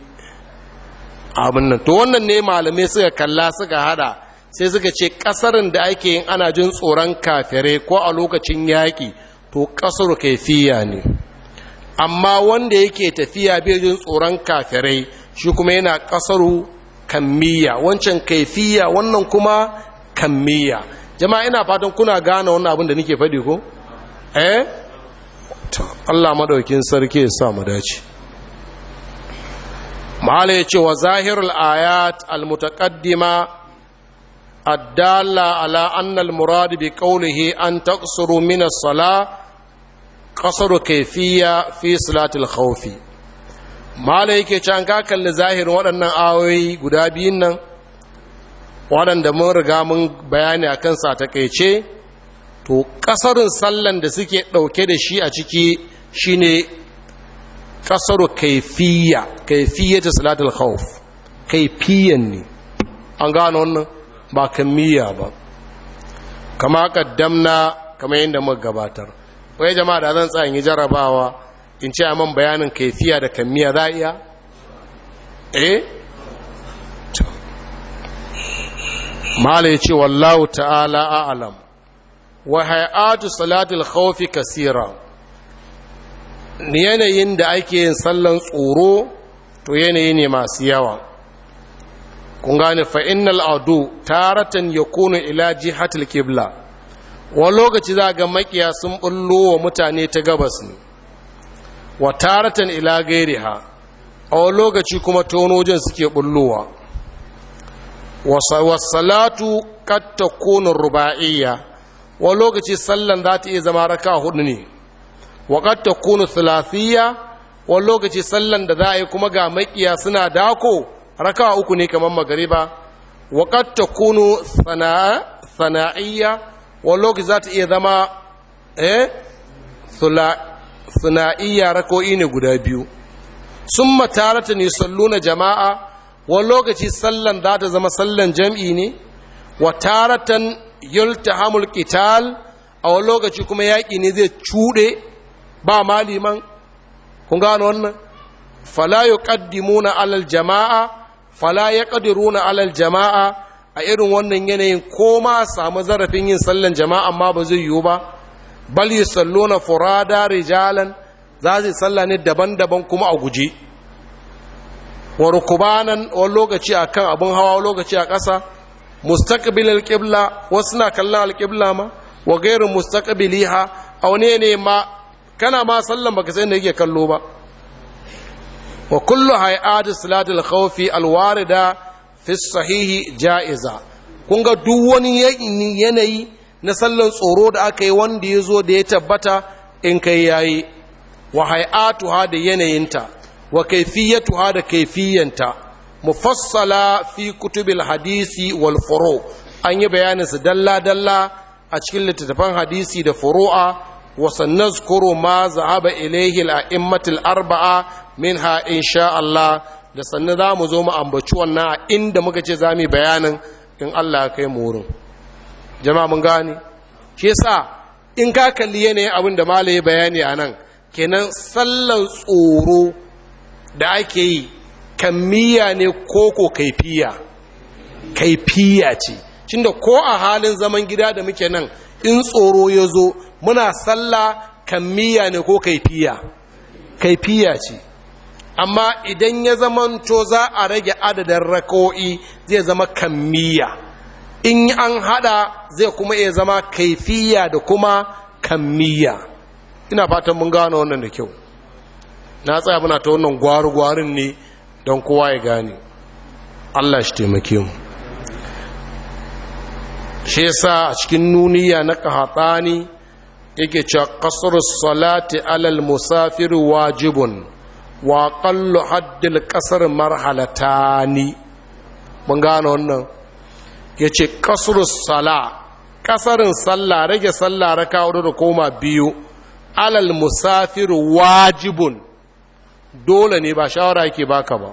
abin nan to wannan ne malamai suka kalla suka hada sai suka ce kasarin da ake yin ana jin tsoron kafirai ko a lokacin yaƙi to kasar kaifiya ne amma wanda yake tafiya bai jin tsoron kafirai shi kuma yana kasaru kammiya wancan kaifiya wannan kuma kammiya jama'a ina fatan kuna gane wannan abin da nake faɗi ko eh to Allah madaukin sarki ya sa mu dace mala yace wa zahirul ayat almutaqaddima addalla ala anna almurad bi qawlihi an taqsuru min as-salah qasru kayfiyya fi salatil khawfi mala yake can ka kalli zahirin waɗannan awoyi guda biyun nan waɗanda mun riga mun bayani a kansa ta kaice to ƙasarin sallan da suke ɗauke da shi a ciki shi ne ƙasar kaifiyya kaifiyya ta salatul khawf kaifiyan ne an gano wannan ba kamiyya ba kama ƙaddamna kama yadda muka gabatar wai jama'a da zan tsayin jarabawa in ce amon bayanin kaifiya da kammiya za iya eh mala ya ce wallahu ta'ala a'alam wa hay'atu salatul khawfi kasira yanayin da ake yin sallan tsoro to yanayi ne masu yawa kun gane fa innal adu taratan yakunu ila jihatil kibla. wa lokaci za ga makiya sun bullo wa mutane ta gabas ne wa taratan ila gairiha a wani lokaci kuma tonojin suke bullowa wasalatu katta konun ruba'iyya wani lokaci sallan za ta iya zama raka hudu ne wa katta konun thulasiyya wani lokaci sallan da za a yi kuma ga makiya suna dako raka uku ne kamar magariba wa katta konun sana'iyya wani lokaci za ta iya zama eh sana'iyya rako'i ne guda biyu sun matarata ne sallu na jama'a wani lokaci sallan za ta zama sallan jam'i ne wa taratan yulta hamul qital a wani lokaci kuma yaƙi ne zai cuɗe ba maliman kun gano wannan fala yuqaddimuna alal jama'a fala yaqdiruna alal jama'a a irin wannan yanayin ko ma samu zarafin yin sallan jama'a amma ba zai yiwu ba bal yusalluna furada rijalan za su salla ne daban-daban kuma a guje wa rukubanan wani lokaci akan abin hawa lokaci a ƙasa mustaqbil alqibla wasu suna kallon alqibla ma wa ghairu mustaqbiliha a wani ne ma kana ma sallan baka sai ne yake kallo ba wa kullu hay'ati al khawfi alwarida fi sahihi ja'iza kun ga duk wani yanayi na sallan tsoro da aka yi wanda ya zo da ya tabbata in kai yayi wa ha da yanayinta wa kaifiyatuha da kaifiyanta mufassala fi kutubil hadisi wal furu an yi bayanin su dalla dalla a cikin littattafan hadisi da furu'a wa sanazkuru ma zahaba ilayhi al arba'a minha insha Allah da sannan za mu zo mu ambaci wannan inda muka ce za mu bayanin in Allah ya kai mu wurin jama'a mun gani shi yasa in ka kalli yanayin abin da malai ya bayani a nan kenan sallan tsoro da ake yi kammiya ne koko kaifiya kaifiya ce da ko a halin zaman gida da muke nan in tsoro ya zo muna sallah kammiya ne ko kaifiya kaifiya ce amma idan ya zamanto za a rage adadin rako'i zai zama kammiya in an hada zai kuma iya zama kaifiya da kuma kammiya ina fatan mun gano wannan da kyau na tsaya muna ta wannan gwaru-gwarin ne don kowa ya gane allah shi taimake mu shi yasa a cikin nuniya na kahatsani yake cewa kasar salati alal musafir wajibun wa kallo haddil kasar marhalatani mun gano wannan ya ce kasurus sala kasarin sallah rage sallah raka hudu da koma biyu alal musafir wajibun dole ne ba shawara yake baka ba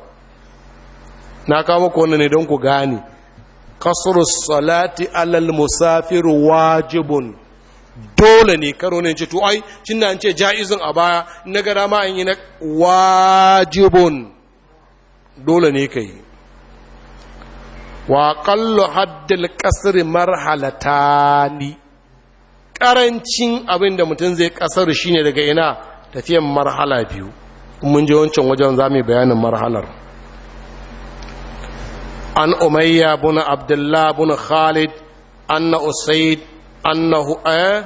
na kawo ku ne don ku gane kasurus salati alal musafir wajibun dole ne karo ne ce to ai cin na ce ja'izin a baya na gara ma yi na wajibun dole ne ka yi wa ƙallo haddil ƙasar marhalata ni ƙarancin abin da mutum zai ƙasar shi ne daga ina tafiyan marhala biyu mun je wancan wajen za mu bayanin marhalar an umayya bin abdullah bin khalid anna usaid annahu eh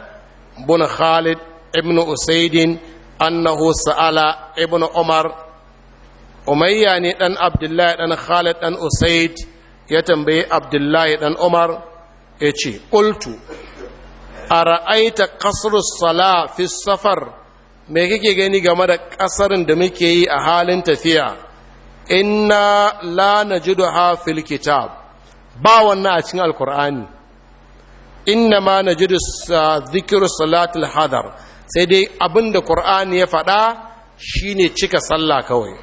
bin khalid ibn usaidin annahu sa'ala ibn umar umayya ne dan abdullah dan khalid dan usaid ya tambaye abdullahi dan umar ya ce ƙultu a ra'aita ƙasar sala fi safar mai kake gani game da ƙasarin da muke yi a halin tafiya inna la najiduha fil kitab ba wannan a cikin alkur'ani inna ma najidu zikiru salatul hadar sai dai abinda ƙur'ani ya faɗa shine cika sallah kawai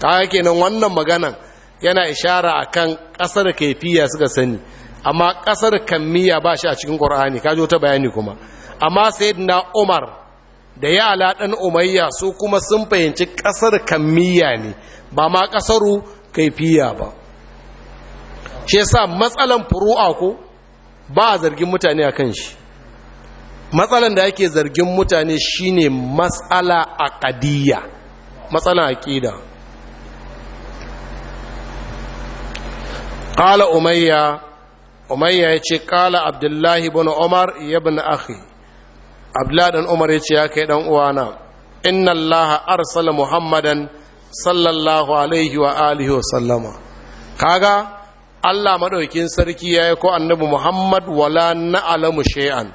ta kenan wannan maganan yana ishara a kan ƙasar kaifiya suka sani amma ƙasar kammiya ba shi a cikin ƙorani kaji ta bayani kuma amma na umar da ya ala umayya su kuma sun fahimci kasar kammiya ne ba ma kasaru kaifiya ba shi yasa matsalan furu'a ko ba a zargin mutane akan shi matsalan da ake zargin mutane shine matsala matsala a aqida qala umayya umayya ya ce qala abdullahi ibn umar ibn akhi abdullahi dan umar ya ce ya kai dan uwana inna allaha arsala muhammadan sallallahu alaihi wa alihi wa sallama kaga Allah madaukin sarki ya yi ko annabi Muhammad wala na'alamu shay'an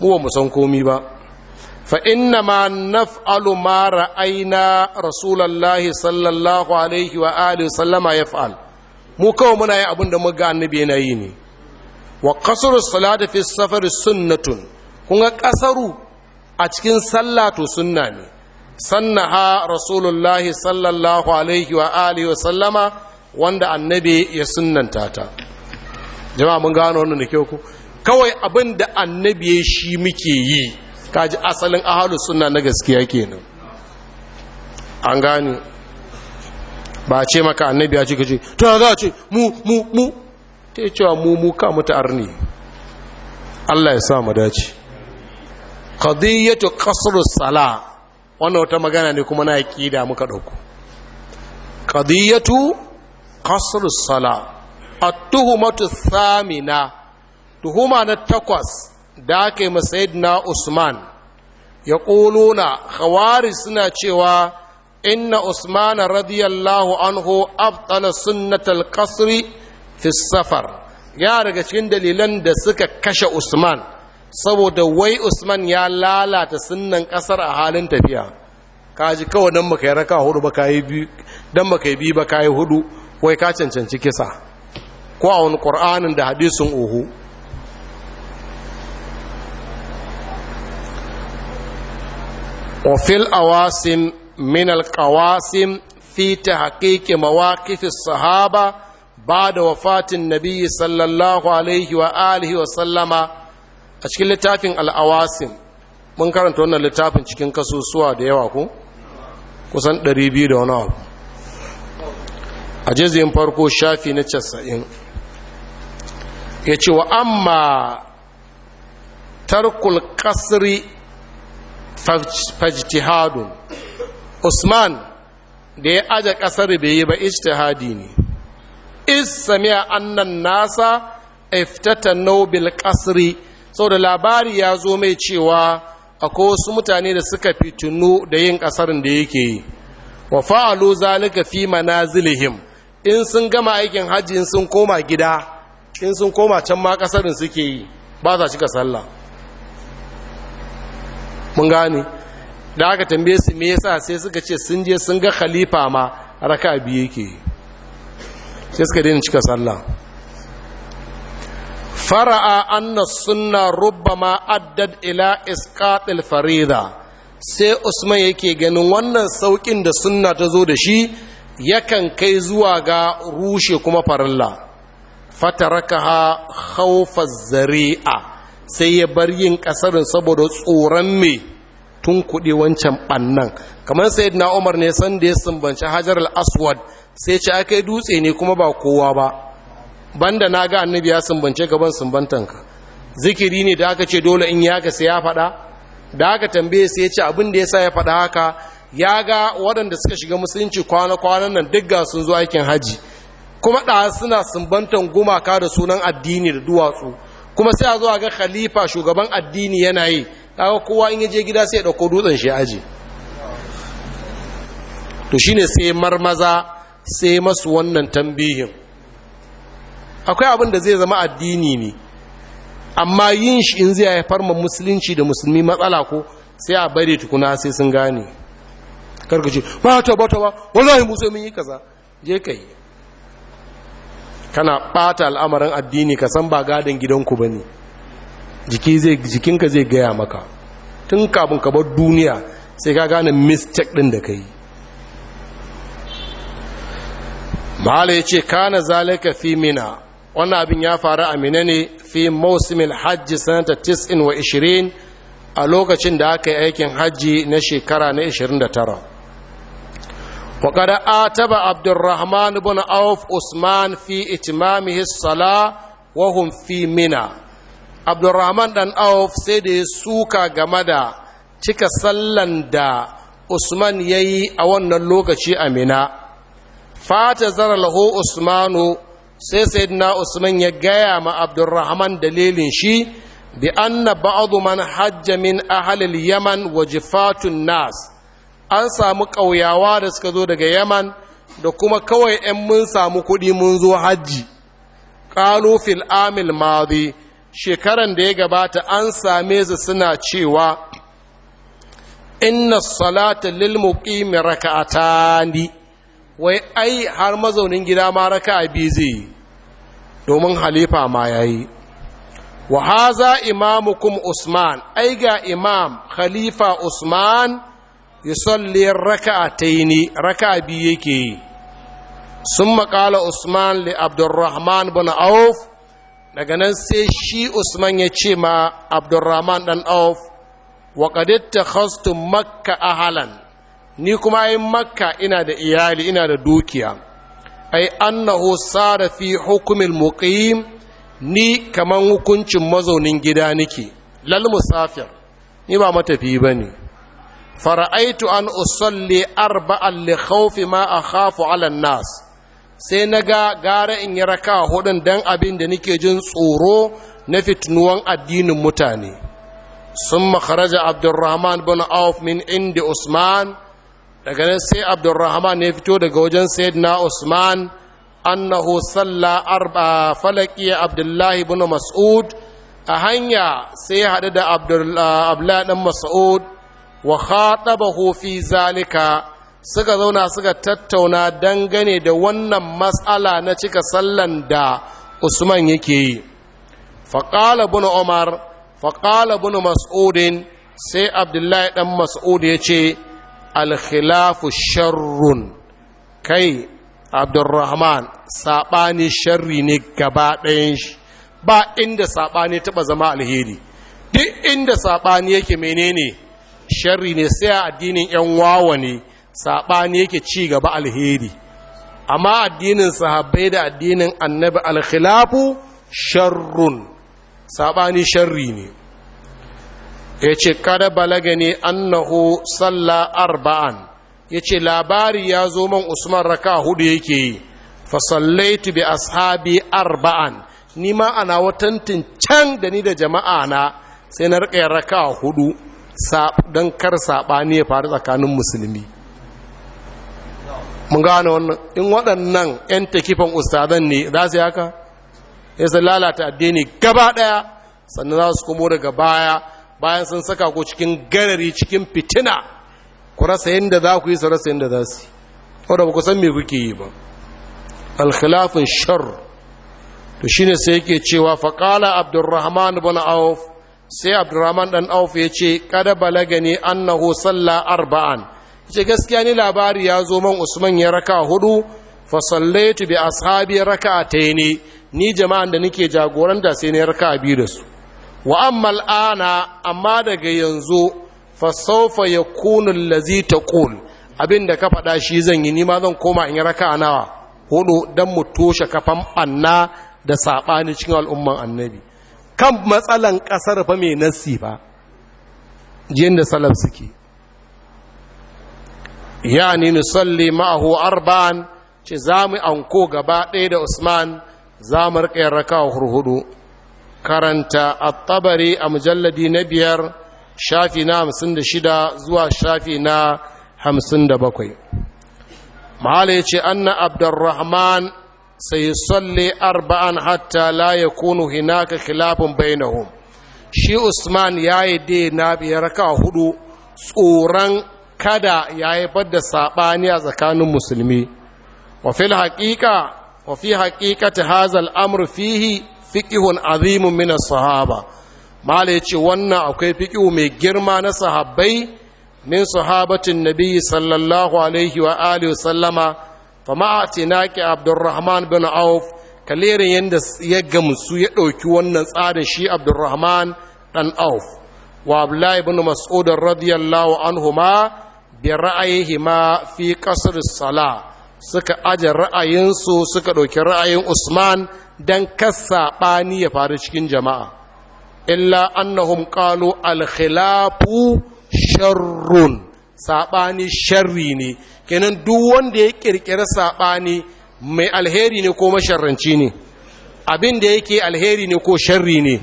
mu bamu san komi ba fa inna ma naf'alu ma ra'ayna sallallahu alaihi wa yaf'al mu kawai muna yin abin da muga annabi yana yi ne wa kasar salata fi safar sunnatun kun ga kasaru a cikin sallah to sunna ne ha rasulullahi sallallahu alaihi wa alihi wa sallama wanda annabi ya sunnanta ta jama'a mun gano wannan da kyau ku kawai abin da annabi ya shi muke yi kaji asalin ahalus sunna na gaskiya kenan an gane ba ce maka annabi ya ce ka ce ta za a ce mu mu mu ta cewa mu mu ka mutu arni Allah ya sa mu dace qadiyatu ƙasar sala wannan wata magana ne kuma na da muka dauko qadiyatu ƙasar sala at tuhumatu thamina tuhuma na takwas da aka yi na Usman ya ƙuluna khawari suna cewa inna usman radiyallahu anhu abtala sunnatal qasri fi ya daga cikin dalilan da suka kashe usman saboda wai usman ya lalata sunnan ƙasar a halin tafiya kaji kawai dan baka yi raka hudu ba kayi biyu dan baka yi biyu ba kayi hudu wai ka cancanci kisa ko a wani qur'anin da hadisin uhu wa fil awasim Minal alƙawasim fi tahqiqi mawaqif as-sahaba بعد وفاة النبي صلى الله عليه وآله وسلم a cikin littafin al'awasim mun karanta wannan littafin cikin kasusuwa da yawa ku kusan 200 da wani abu a jizin farko shafi na 90 ya ce wa amma tarkul kasri fajtihadun usman da ya aje ƙasar bai yi ba ijtihadi ne is samiya annan nasa iftatanau bil qasri saboda labari ya zo mai cewa akwai wasu mutane da suka fitinu da yin ƙasarin da yake yi wa fa'alu zalika fi manazilihim in sun gama aikin hajji in sun koma gida in sun koma can ma ƙasarin suke yi ba za shi ka sallah mun gane da aka tambaye su me yasa sai suka ce sun je sun ga khalifa ma raka biyu yake sai suka daina cika sallah fara'a anna sunna rubbama addad ila isqatil farida sai usman yake ganin wannan saukin da sunna ta zo da shi yakan kai zuwa ga rushe kuma farilla fatarakaha khawfa zari'a sai ya bar yin kasarin saboda tsoron mai Tun kuɗi wancan ɓannan kamar Said na umar ne san da ya sumbanci hajar al-aswad sai ce aka dutse ne kuma ba kowa ba banda na ga annabi ya sumbance gaban sumbantanka zikiri ne da aka ce dole in ya sai ya faɗa da aka tambaye sai ya ce abin da ya sa ya faɗa haka ya ga waɗanda suka shiga musulunci kwana-kwanan nan duk ga sun zo aikin haji kuma da suna sumbantan gumaka da sunan addini da duwatsu kuma sai a zo a ga khalifa shugaban addini yana yi kawo kowa in yaje gida sai ya dauko dutsen shi aji to shine sai marmaza sai masu wannan tambihin akwai abin da zai zama addini ne amma yin shi in zai haifar ma musulunci da musulmi matsala ko sai a bare tukuna sai sun gane karkace ba ta ba ta ba wallahi musa yi kaza je kai kana ɓata al'amarin addini ka san ba gadin gidanku ba ne jikinka zai gaya maka tun kafin ka bar duniya sai ka gane mistake ɗin da ka yi mahala ce kana zalika fi mina wannan abin ya faru a mina ne fi mausimin hajji sanata 29 a lokacin da aka yi aikin hajji na shekara na 29 وقد آتب عبد الرحمن بن عوف عثمان في إتمامه الصلاة وهم في منى عبد الرحمن بن عوف سيد سوكا جمدا cika sallan da Usman ya yi a wannan lokaci a Mina, fata zara laho Usmanu sai sayyidina Usman ya gaya ma Abdurrahman dalilin shi bi anna ba'adu man hajja min ahalil yaman wa jifatun nas an samu ƙauyawa da suka zo daga yaman da kuma kawai 'yan mun samu kuɗi mun zo hajji Ƙalufin amil shekaran da ya gabata an same su suna cewa inna salata lil muqimi ni wai ai har mazaunin gida ma raka'a biyu zai domin halifa ma ya yi wa haza imamukum usman ai ga imam khalifa usman yusalli raka'ataini raka'a biyu yake yi sun maƙala usman li Abdulrahman bin daga nan sai shi usman ya ce ma abdurrahman dan auf wa qaditta khastum makka ahalan ni kuma ai makka ina da iyali ina da dukiya ai annahu sara fi hukumil muqim ni kaman hukuncin mazaunin gida nake lal musafir ni ba matafi bane fara'aitu an usalli arba'an li khawfi ma akhafu 'ala nas sai naga gara in yi raka hudun dan abin da nake jin tsoro na fitnuwan addinin mutane summa kharaja abdurrahman bin auf min indi usman daga nan sai abdurrahman ya fito daga wajen sayyidina usman annahu salla arba falaki abdullahi bin mas'ud a hanya sai ya haɗu da abdullahi ɗan mas'ud wa khatabahu fi zalika suka zauna suka tattauna dangane da wannan matsala na cika sallan da Usman yake yi faqala ibn Umar faqala ibn Mas'ud sai Abdullahi dan Mas'ud yace al khilafu sharrun kai Abdurrahman sabani sharri ne gaba ɗayan shi ba inda sabani taba zama alheri duk inda sabani yake menene sharri ne sai a addinin yan wawa ne saɓani yake ci gaba alheri amma addinin sahabai da addinin annabi alkhilafu sharrun saɓani sharri ne ya ce kada balaga ne annahu salla arba'an ya ce labari ya zo man usman raka hudu yake yi fasallaitu bi ashabi arba'an ni ma ana watantin can da ni da jama'a na sai na raka hudu don kar saɓani ya faru tsakanin musulmi mun gano wannan in waɗannan 'yan takifan ustazan ne za su haka ya su lalata addini gaba ɗaya sannan za su komo daga baya bayan sun saka ku cikin garari cikin fitina ku rasa yadda za ku yi su rasa yadda za su yi wadda ba ku san me kuke yi ba alkhilafin shar to shine sai yake cewa faƙala abdurrahman bin auf sai abdurrahman dan auf ya ce kada balagani annahu salla arba'an ce gaskiya ni labari ya zo man usman ya raka hudu fa sallaitu bi ashabi taine. ni jama'an da nake jagoranta sai ne raka biyu da su wa amma amma daga yanzu fa sawfa yakunu allazi taqul abin da ka faɗa shi zan yi ni ma zan koma in raka nawa hudu dan mu toshe kafan anna da sabani cikin al'umman annabi kan matsalan ƙasar fa mai nassi ba Jin da salaf suke ya ni nusalli ma'ahu arba'an ce za mu anko gaba ɗaya da usman za mu riƙe raka hurhudu karanta a tabari a mujalladi na biyar shafi na hamsin da shida zuwa shafi na hamsin da bakwai mahala ya ce anna abdurrahman sai salli arba'an hatta la yakunu hinaka khilafun bainahum shi Usman yayi dai na biyar ka hudu tsoron kada ya haifar da saɓani a tsakanin musulmi wa fil haƙiƙa wa fi hazal amru fihi fiƙihun azimun min sahaba mala yace wannan akwai fiqihu mai girma na sahabbai min sahabatin nabiyyi sallallahu alaihi wa alihi wa sallama fa ma atinaki abdurrahman bin auf kalerin yanda ya gamsu ya ɗauki wannan tsarin shi abdurrahman dan auf wa abdullahi ibn mas'ud radiyallahu anhuma bi ra'ayihima fi qasr sala suka aje ra'ayinsu suka ɗauki ra'ayin usman dan kasaɓani ya faru cikin jama'a illa annahum qalu al-khilafu sharrun sabani sharri ne kenan duk wanda ya kirkira saɓani mai alheri ne ko masharranci ne abin da yake alheri ne ko sharri ne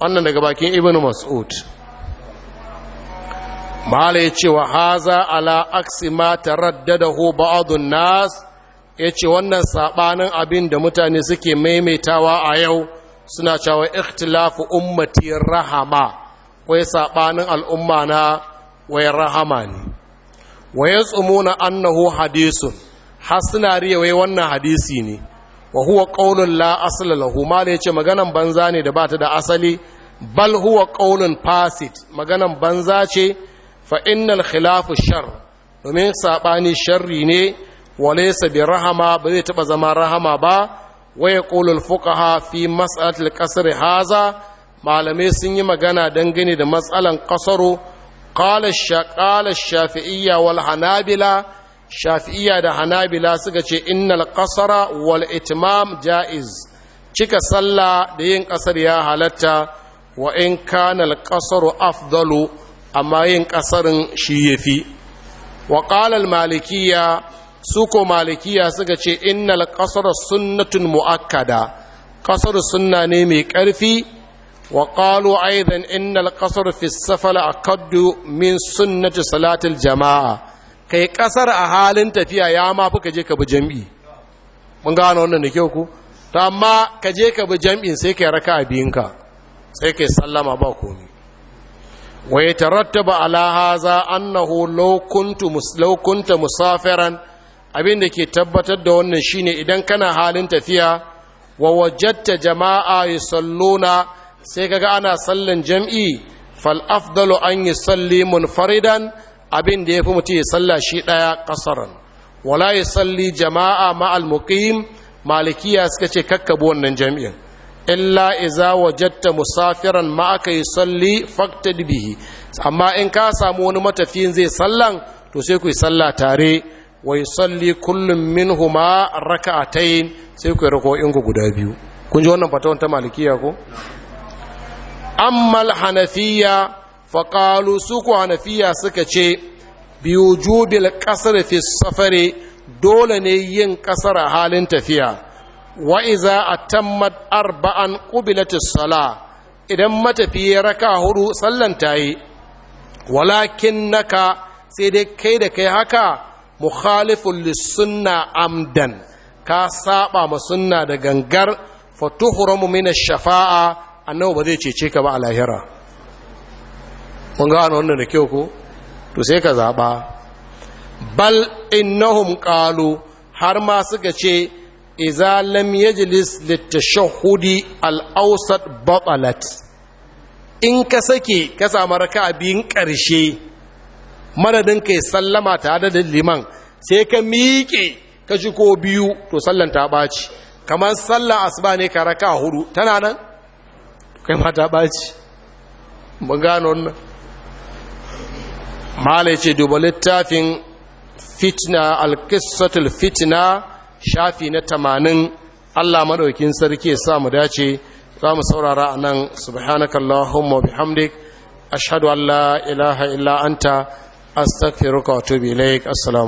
wannan daga bakin ibn mas'ud mala ya ce wa haza ala aksi ma ho ba'adun nas ya ce wannan saɓanin abin da mutane suke maimaitawa a yau suna cewa ikhtilafu ummati rahama wai saɓanin al'umma na wai rahama ne wa ya na annahu hadisun har suna riyawai wannan hadisi ne wa huwa ƙaunin la asala lahu ma da ya ce maganan banza ne da ba ta da asali bal huwa ƙaunin fasit maganan banza ce fa khilafu shar domin saɓani shari ne wa laysa bi rahama ba zai taɓa zama rahama ba wa ƙolin fuka fi matsalar ƙasar haza malamai sun yi magana dangane da matsalar ƙasaro qala shafi'iyya wal hanabila shafi'iyya da hanabila suka ce innal qasara wal itmam jaiz cika sallah da yin ƙasar ya halatta wa in kana al afdalu amma yin ƙasarin shi yafi wa qala malakiya suko malikiya suka ce innal qasara sunnatun muakkada ƙasar sunna ne mai ƙarfi. وقالوا أيضا إن القصر في السفل أقد من سنة صلاة الجماعة kai kasar a halin tafiya ya ma fi kaje ka bi jam'i mun gano wannan da kyau ku ta amma kaje ka bi jam'in sai kai raka a biyinka sai kai sallama ba komi wa yatarattaba ala haza annahu law kuntu abin da ke tabbatar da wannan shine idan kana halin tafiya wa wajadta jama'a yusalluna sai kaga ana sallan jam'i fal afdalu an salli munfaridan abin da yafi mutum ya salla shi ɗaya ƙasaran. wala salli jama'a ma'al muƙim malikiya suka ce kakkabu wannan jami'in illa iza wajatta musafiran ma'aka salli fakta bihi amma in ka samu wani matafiyin zai sallan to sai ku yi salla tare wa salli kullum minhuma raka'atayn sai ku rako in guda biyu kun ji wannan fata ta malikiya ko ammal hanafiya faƙalu su ku hanafiya suka ce biyu jubil ƙasar fi safari dole ne yin ƙasar a halin tafiya wa iza a tammat arba'an ƙubilatis sala idan matafi ya raka hudu sallan ta yi walakin naka sai dai kai da kai haka mukhalifun lissunna amdan ka saba ma sunna da gangar fatuhuramu mina shafa'a annawa ba zai cece ka ba a lahira mun gano wannan da kyau ko to sai ka zaɓa bal innahum qalu har ma suka ce iza lam yajlis litashahhudi al-awsat batalat in ka sake ka samu raka'a biyun ƙarshe madadin kai sallama tare da liman sai ka miƙe ka ko biyu to sallan ta ɓaci kamar sallan asuba ne ka raka hudu tana nan kai ma ta ɓaci mun gano wannan malai ce duba littafin fitna alkisatul fitna shafi na tamanin allah maɗaukin sarki ya sa mu dace za mu saurara a nan subhanakallahumma bihamdik ashhadu an la ilaha illa anta astaghfiruka wa atubu ilaik assalamu